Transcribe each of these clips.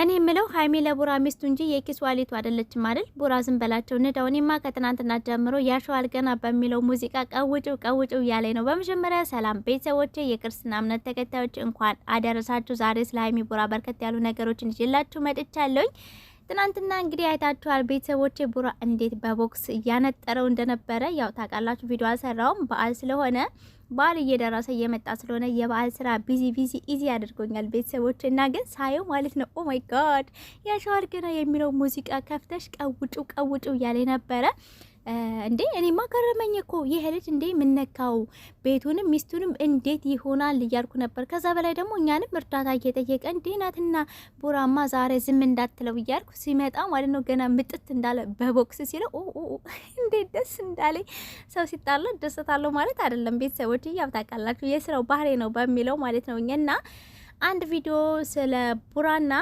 እኔ የምለው ሀይሜ ለቡራ ሚስቱ እንጂ የኪስ ዋሊቱ አይደለችም አይደል? ቡራ ዝም በላቸው ንዳው። እኔማ ከትናንትና ጀምሮ ያሸዋል ገና በሚለው ሙዚቃ ቀውጭው ቀውጭው እያለኝ ነው። በመጀመሪያ ሰላም ቤተሰቦቼ፣ የክርስትና እምነት ተከታዮች እንኳን አደረሳችሁ። ዛሬ ስለ ሀይሜ ቡራ በርከት ያሉ ነገሮችን ይዤላችሁ መጥቻለሁኝ። ትናንትና እንግዲህ አይታችኋል ቤተሰቦች ቡራ እንዴት በቦክስ እያነጠረው እንደነበረ ያው ታውቃላችሁ። ቪዲዮ አልሰራውም በዓል ስለሆነ በዓል እየደረሰ እየመጣ ስለሆነ የበዓል ስራ ቢዚ ቢዚ ኢዚ አድርጎኛል ቤተሰቦች እና ግን ሳየው ማለት ነው ኦ ማይ ጋድ ያሸዋል ገና የሚለው ሙዚቃ ከፍተሽ ቀውጩ ቀውጩ እያለ ነበረ እንዴ እኔ ገረመኝ እኮ ይሄ ልጅ እንዴ የምነካው ቤቱንም ሚስቱንም እንዴት ይሆናል እያልኩ ነበር። ከዛ በላይ ደግሞ እኛንም እርዳታ እየጠየቀ እንዴ ናትና ቦራማ ዛሬ ዝም እንዳትለው እያልኩ ሲመጣ ማለት ነው ገና ምጥት እንዳለ በቦክስ ሲለው ኦ ኦ እንዴት ደስ እንዳለ። ሰው ሲጣላ ደስታለሁ ማለት አይደለም ቤተሰቦች፣ ያው ታውቃላችሁ የስራው ባህሪ ነው በሚለው ማለት ነው እና አንድ ቪዲዮ ስለ ቡራና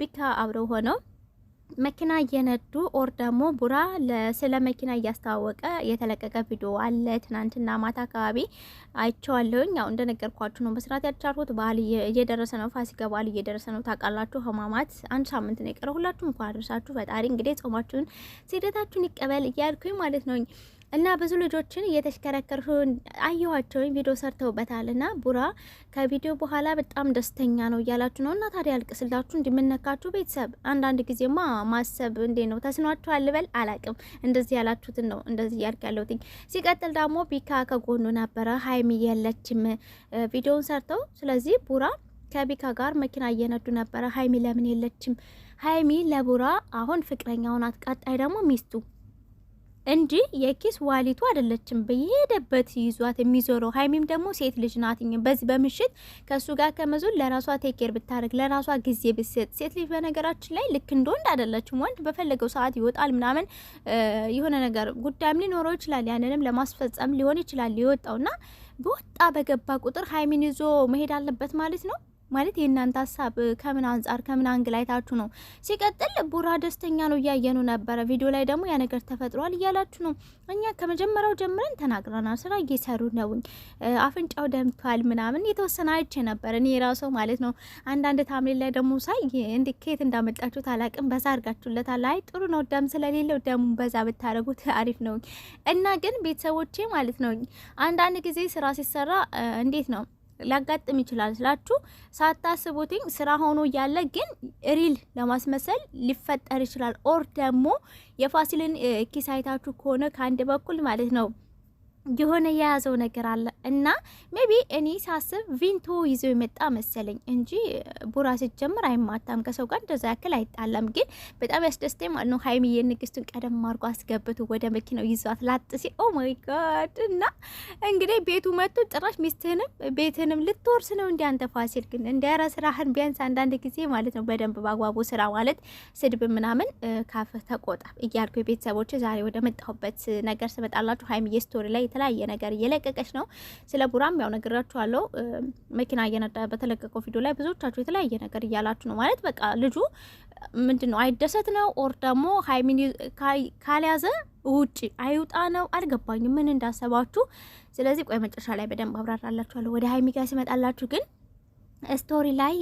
ቢካ አብረው ሆነው መኪና እየነዱ ኦር ደግሞ ቡራ ስለ መኪና እያስተዋወቀ የተለቀቀ ቪዲዮ አለ። ትናንትና ማታ አካባቢ አይቼዋለሁኝ። ያው እንደነገርኳችሁ ነው መስራት ያልቻልኩት። በዓል እየደረሰ ነው፣ ፋሲካ በዓል እየደረሰ ነው። ታውቃላችሁ፣ ህማማት አንድ ሳምንት ነው የቀረ። ሁላችሁም እንኳን አደረሳችሁ። ፈጣሪ እንግዲህ ጾማችሁን ስደታችሁን ይቀበል እያልኩኝ ማለት ነው። እና ብዙ ልጆችን እየተሽከረከርሁ አየኋቸውኝ ቪዲዮ ሰርተውበታል። እና ቡራ ከቪዲዮ በኋላ በጣም ደስተኛ ነው እያላችሁ ነው። እና ታዲያ ያልቅስላችሁ እንዲምነካችሁ ቤተሰብ፣ አንዳንድ ጊዜማ ማሰብ እንዴ ነው ተስኗችሁ አልበል አላቅም። እንደዚህ ያላችሁትን ነው እንደዚህ እያልክ ያለሁትኝ። ሲቀጥል ደግሞ ቢካ ከጎኑ ነበረ፣ ሀይሚ የለችም ቪዲዮውን ሰርተው። ስለዚህ ቡራ ከቢካ ጋር መኪና እየነዱ ነበረ። ሀይሚ ለምን የለችም? ሀይሚ ለቡራ አሁን ፍቅረኛ ናት፣ ቀጣይ ደግሞ ሚስቱ እንጂ የኪስ ዋሊቱ አይደለችም። በየሄደበት ይዟት የሚዞረው ሀይሚም ደግሞ ሴት ልጅ ናትኝ። በዚህ በምሽት ከእሱ ጋር ከመዞን ለራሷ ቴኬር ብታደርግ፣ ለራሷ ጊዜ ብትሰጥ። ሴት ልጅ በነገራችን ላይ ልክ እንደ ወንድ አይደለችም። ወንድ በፈለገው ሰዓት ይወጣል ምናምን የሆነ ነገር ጉዳይም ሊኖረው ይችላል። ያንንም ለማስፈጸም ሊሆን ይችላል ይወጣውና በወጣ በገባ ቁጥር ሀይሚን ይዞ መሄድ አለበት ማለት ነው። ማለት የእናንተ ሀሳብ ከምን አንጻር ከምን አንግል አይታችሁ ነው? ሲቀጥል ቡራ ደስተኛ ነው እያየኑ ነበረ። ቪዲዮ ላይ ደግሞ ያ ነገር ተፈጥሯል እያላችሁ ነው። እኛ ከመጀመሪያው ጀምረን ተናግረናል። ስራ እየሰሩ ነው አፍንጫው ደምቷል ምናምን የተወሰነ አይቼ ነበር እኔ የራሰው ማለት ነው። አንዳንድ ታምሌ ላይ ደግሞ ሳይ እንዲ ከየት እንዳመጣችሁ ታላቅም በዛ አድርጋችሁለታል። አይ ጥሩ ነው፣ ደም ስለሌለው ደሙ በዛ ብታደረጉት አሪፍ ነው እና ግን ቤተሰቦቼ ማለት ነው አንዳንድ ጊዜ ስራ ሲሰራ እንዴት ነው ሊያጋጥም ይችላል ስላችሁ ሳታስቡትኝ ስራ ሆኖ እያለ ግን ሪል ለማስመሰል ሊፈጠር ይችላል። ኦር ደግሞ የፋሲልን ኪስ አይታችሁ ከሆነ ከአንድ በኩል ማለት ነው የሆነ የያዘው ነገር አለ እና ሜቢ እኔ ሳስብ ቪንቶ ይዘው የመጣ መሰለኝ እንጂ ቡራ ሲጀምር አይማታም ከሰው ጋር እንደዛ ያክል አይጣላም። ግን በጣም ያስደስተኝ ማለት ነው ሀይሚዬ ንግስቱን ቀደም አድርጎ አስገብቶ ወደ መኪናው ይዟት ላጥ ሲ ኦ ማይ ጋድ። እና እንግዲህ ቤቱ መጥቶ ጭራሽ ሚስትህንም ቤትህንም ልትወርስ ነው እንዲ አንተ ፋሲል ግን እንዲያረ ስራህን ቢያንስ አንዳንድ ጊዜ ማለት ነው በደንብ በአግባቡ ስራ ማለት ስድብ ምናምን ካፍህ ተቆጣ እያልኩ የቤተሰቦች ዛሬ ወደ መጣሁበት ነገር ስመጣላችሁ ሀይሚዬ ስቶሪ ላይ የተለያየ ነገር እየለቀቀች ነው። ስለ ቡራም ያው ነግራችኋለሁ። መኪና እየነዳ በተለቀቀው ቪዲዮ ላይ ብዙዎቻችሁ የተለያየ ነገር እያላችሁ ነው። ማለት በቃ ልጁ ምንድን ነው አይደሰት ነው ኦር ደግሞ ሀይሚን ካልያዘ ውጭ አይውጣ ነው። አልገባኝም ምን እንዳሰባችሁ። ስለዚህ ቆይ መጨረሻ ላይ በደንብ አብራራላችኋለሁ። ወደ ሀይሚ ጋር ሲመጣላችሁ ግን ስቶሪ ላይ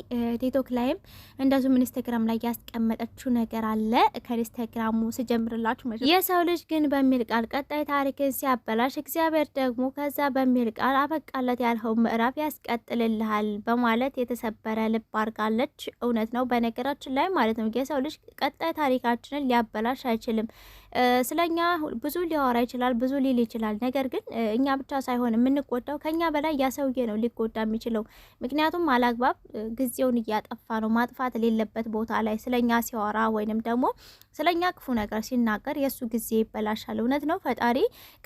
ቲክቶክ ላይም እንደዚሁም ኢንስታግራም ላይ ያስቀመጠችው ነገር አለ። ከኢንስታግራሙ ስጀምርላችሁ መ የሰው ልጅ ግን በሚል ቃል ቀጣይ ታሪክን ሲያበላሽ እግዚአብሔር ደግሞ ከዛ በሚል ቃል አበቃለት ያልኸው ምዕራፍ ያስቀጥልልሃል በማለት የተሰበረ ልብ አድርጋለች። እውነት ነው። በነገራችን ላይ ማለት ነው የሰው ልጅ ቀጣይ ታሪካችንን ሊያበላሽ አይችልም። ስለኛ ብዙ ሊያወራ ይችላል፣ ብዙ ሊል ይችላል። ነገር ግን እኛ ብቻ ሳይሆን የምንጎዳው ከኛ በላይ ያ ሰውዬ ነው ሊጎዳ የሚችለው። ምክንያቱም አላግባብ ጊዜውን እያጠፋ ነው ማጥፋት ሌለበት ቦታ ላይ ስለኛ ሲያወራ ወይንም ደግሞ ስለኛ ክፉ ነገር ሲናገር የእሱ ጊዜ ይበላሻል። እውነት ነው። ፈጣሪ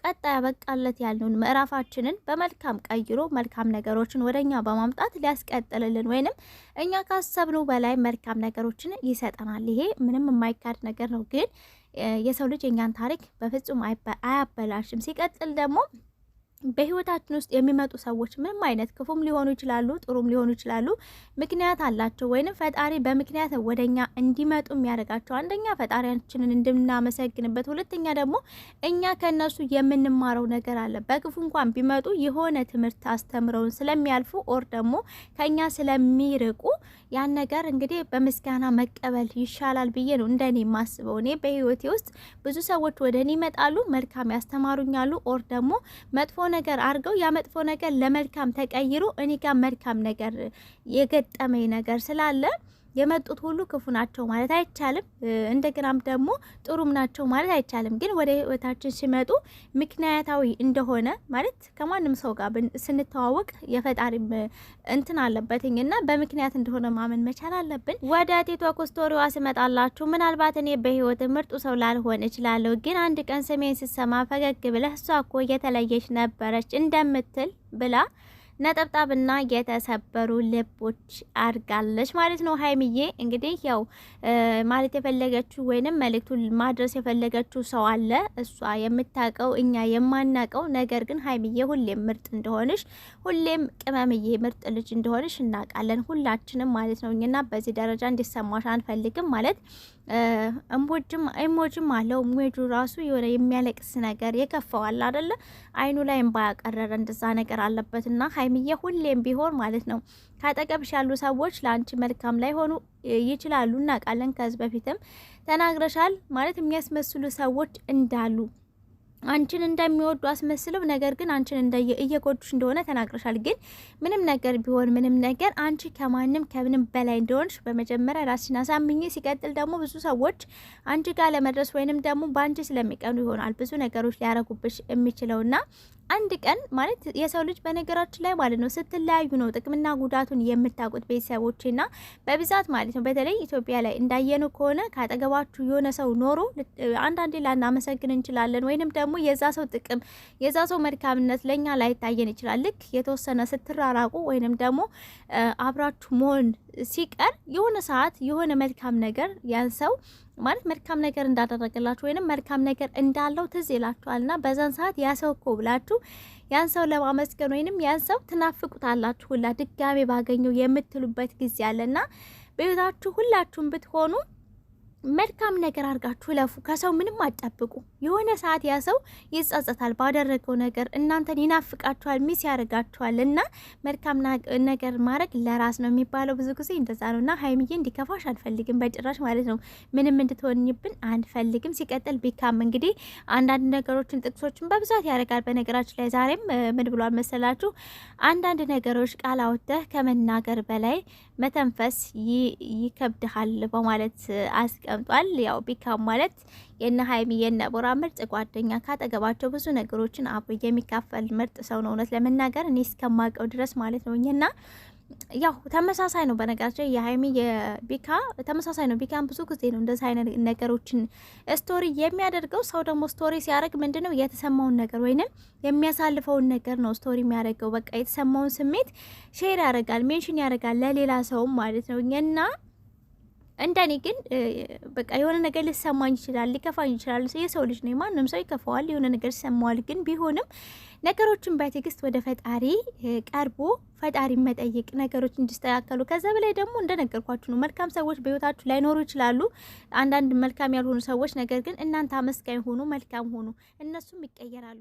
ቀጣይ ያበቃለት ያልነውን ምዕራፋችንን በመልካም ቀይሮ መልካም ነገሮችን ወደኛ በማምጣት ሊያስቀጥልልን ወይንም እኛ ካሰብነው በላይ መልካም ነገሮችን ይሰጠናል። ይሄ ምንም የማይካድ ነገር ነው ግን የሰው ልጅ የኛን ታሪክ በፍጹም አያበላሽም። ሲቀጥል ደግሞ በህይወታችን ውስጥ የሚመጡ ሰዎች ምንም አይነት ክፉም ሊሆኑ ይችላሉ፣ ጥሩም ሊሆኑ ይችላሉ። ምክንያት አላቸው ወይንም ፈጣሪ በምክንያት ወደኛ እንዲመጡ የሚያደርጋቸው አንደኛ ፈጣሪያችንን እንድናመሰግንበት፣ ሁለተኛ ደግሞ እኛ ከእነሱ የምንማረው ነገር አለ። በክፉ እንኳን ቢመጡ የሆነ ትምህርት አስተምረውን ስለሚያልፉ ኦር ደግሞ ከእኛ ስለሚርቁ ያን ነገር እንግዲህ በምስጋና መቀበል ይሻላል ብዬ ነው እንደኔ የማስበው። እኔ በህይወቴ ውስጥ ብዙ ሰዎች ወደ እኔ ይመጣሉ፣ መልካም ያስተማሩኛሉ፣ ኦር ደግሞ መጥፎ ነገር አድርገው ያ መጥፎ ነገር ለመልካም ተቀይሮ እኔ ጋር መልካም ነገር የገጠመኝ ነገር ስላለ የመጡት ሁሉ ክፉ ናቸው ማለት አይቻልም። እንደገናም ደግሞ ጥሩም ናቸው ማለት አይቻልም። ግን ወደ ህይወታችን ሲመጡ ምክንያታዊ እንደሆነ ማለት ከማንም ሰው ጋር ስንተዋወቅ የፈጣሪም እንትን አለበትኝ እና በምክንያት እንደሆነ ማመን መቻል አለብን። ወደ ቲክቶክ ስቶሪዋ ስመጣላችሁ ምናልባት እኔ በህይወት ምርጡ ሰው ላልሆን እችላለሁ፣ ግን አንድ ቀን ስሜን ስሰማ ፈገግ ብለህ እሷ እኮ እየተለየች ነበረች እንደምትል ብላ ነጠብጣብና የተሰበሩ ልቦች አድርጋለች ማለት ነው። ሀይሚዬ እንግዲህ ያው ማለት የፈለገችው ወይንም መልእክቱን ማድረስ የፈለገችው ሰው አለ እሷ የምታውቀው እኛ የማናውቀው። ነገር ግን ሀይሚዬ ሁሌም ምርጥ እንደሆንሽ፣ ሁሌም ቅመምዬ ምርጥ ልጅ እንደሆንሽ እናውቃለን ሁላችንም ማለት ነው እኛና በዚህ ደረጃ እንዲሰማሽ አንፈልግም ማለት እምቦጅም አለው ሞጁ ራሱ የሆነ የሚያለቅስ ነገር የከፈዋል አደለ አይኑ ላይ እምባ ያቀረረ እንደዛ ነገር አለበት እና ሀይሚዬ ሁሌም ቢሆን ማለት ነው ካጠገብሽ ያሉ ሰዎች ለአንቺ መልካም ላይ ይችላሉ እናውቃለን ከዚህ በፊትም ተናግረሻል ማለት የሚያስመስሉ ሰዎች እንዳሉ አንቺን እንደሚወዱ አስመስለው ነገር ግን አንቺን እንደየ እየጎዱሽ እንደሆነ ተናግረሻል። ግን ምንም ነገር ቢሆን ምንም ነገር አንቺ ከማንም ከምንም በላይ እንደሆንሽ በመጀመሪያ ራስሽን አሳምኝ። ሲቀጥል ደግሞ ብዙ ሰዎች አንቺ ጋር ለመድረስ ወይንም ደግሞ በአንቺ ስለሚቀኑ ይሆናል ብዙ ነገሮች ሊያረጉብሽ የሚችለውና አንድ ቀን ማለት የሰው ልጅ በነገራችን ላይ ማለት ነው ስትለያዩ ነው ጥቅምና ጉዳቱን የምታውቁት ቤተሰቦችና በብዛት ማለት ነው። በተለይ ኢትዮጵያ ላይ እንዳየነው ከሆነ ከአጠገባችሁ የሆነ ሰው ኖሮ አንዳንዴ ላናመሰግን እንችላለን፣ ወይንም ደግሞ የዛ ሰው ጥቅም የዛ ሰው መልካምነት ለእኛ ላይታየን ይችላል። ልክ የተወሰነ ስትራራቁ ወይንም ደግሞ አብራችሁ መሆን ሲቀር የሆነ ሰዓት የሆነ መልካም ነገር ያን ሰው ማለት መልካም ነገር እንዳደረገላችሁ ወይንም መልካም ነገር እንዳለው ትዝ ይላችኋል እና በዛን ሰዓት ያ ሰው እኮ ብላችሁ ያን ሰው ለማመስገን ወይንም ያን ሰው ትናፍቁታላችሁ ሁላ ድጋሜ ባገኘው የምትሉበት ጊዜ አለና በህይወታችሁ ሁላችሁም ብትሆኑ መልካም ነገር አድርጋችሁ ለፉ። ከሰው ምንም አትጠብቁ። የሆነ ሰዓት ያ ሰው ይጸጸታል ባደረገው ነገር። እናንተን ይናፍቃችኋል፣ ሚስ ያደርጋችኋል። እና መልካም ነገር ማድረግ ለራስ ነው የሚባለው ብዙ ጊዜ እንደዛ ነው። እና ሀይሚዬ እንዲከፋሽ አንፈልግም በጭራሽ ማለት ነው። ምንም እንድትሆንብን አንፈልግም። ሲቀጥል ቢካም እንግዲህ አንዳንድ ነገሮችን ጥቅሶችን በብዛት ያደርጋል። በነገራችን ላይ ዛሬም ምን ብሏል መሰላችሁ? አንዳንድ ነገሮች ቃል አውጥተህ ከመናገር በላይ መተንፈስ ይከብድሃል በማለት አስቀምጦ ተቀምጧል። ያው ቢካም ማለት የነ ሀይሚ የነ ቦራ ምርጥ ጓደኛ ካጠገባቸው ብዙ ነገሮችን አብሮ የሚካፈል ምርጥ ሰው ነው። እውነት ለመናገር እኔ እስከማውቀው ድረስ ማለት ነው እና ያው ተመሳሳይ ነው። በነገራችን የሀይሚ የቢካ ተመሳሳይ ነው። ቢካም ብዙ ጊዜ ነው እንደዚህ አይነት ነገሮችን ስቶሪ የሚያደርገው። ሰው ደግሞ ስቶሪ ሲያደርግ ምንድን ነው የተሰማውን ነገር ወይንም የሚያሳልፈውን ነገር ነው ስቶሪ የሚያደርገው። በቃ የተሰማውን ስሜት ሼር ያደርጋል፣ ሜንሽን ያደርጋል ለሌላ ሰውም ማለት ነው እና እንደኔ ግን በቃ የሆነ ነገር ሊሰማኝ ይችላል፣ ሊከፋኝ ይችላል። የሰው ልጅ ነው፣ ማንም ሰው ይከፋዋል፣ የሆነ ነገር ይሰማዋል። ግን ቢሆንም ነገሮችን በትዕግስት ወደ ፈጣሪ ቀርቦ ፈጣሪ መጠየቅ ነገሮች እንዲስተካከሉ። ከዛ በላይ ደግሞ እንደነገርኳችሁ ነው፣ መልካም ሰዎች በህይወታችሁ ላይኖሩ ይችላሉ። አንዳንድ መልካም ያልሆኑ ሰዎች፣ ነገር ግን እናንተ አመስጋኝ ሆኑ፣ መልካም ሆኑ፣ እነሱም ይቀየራሉ።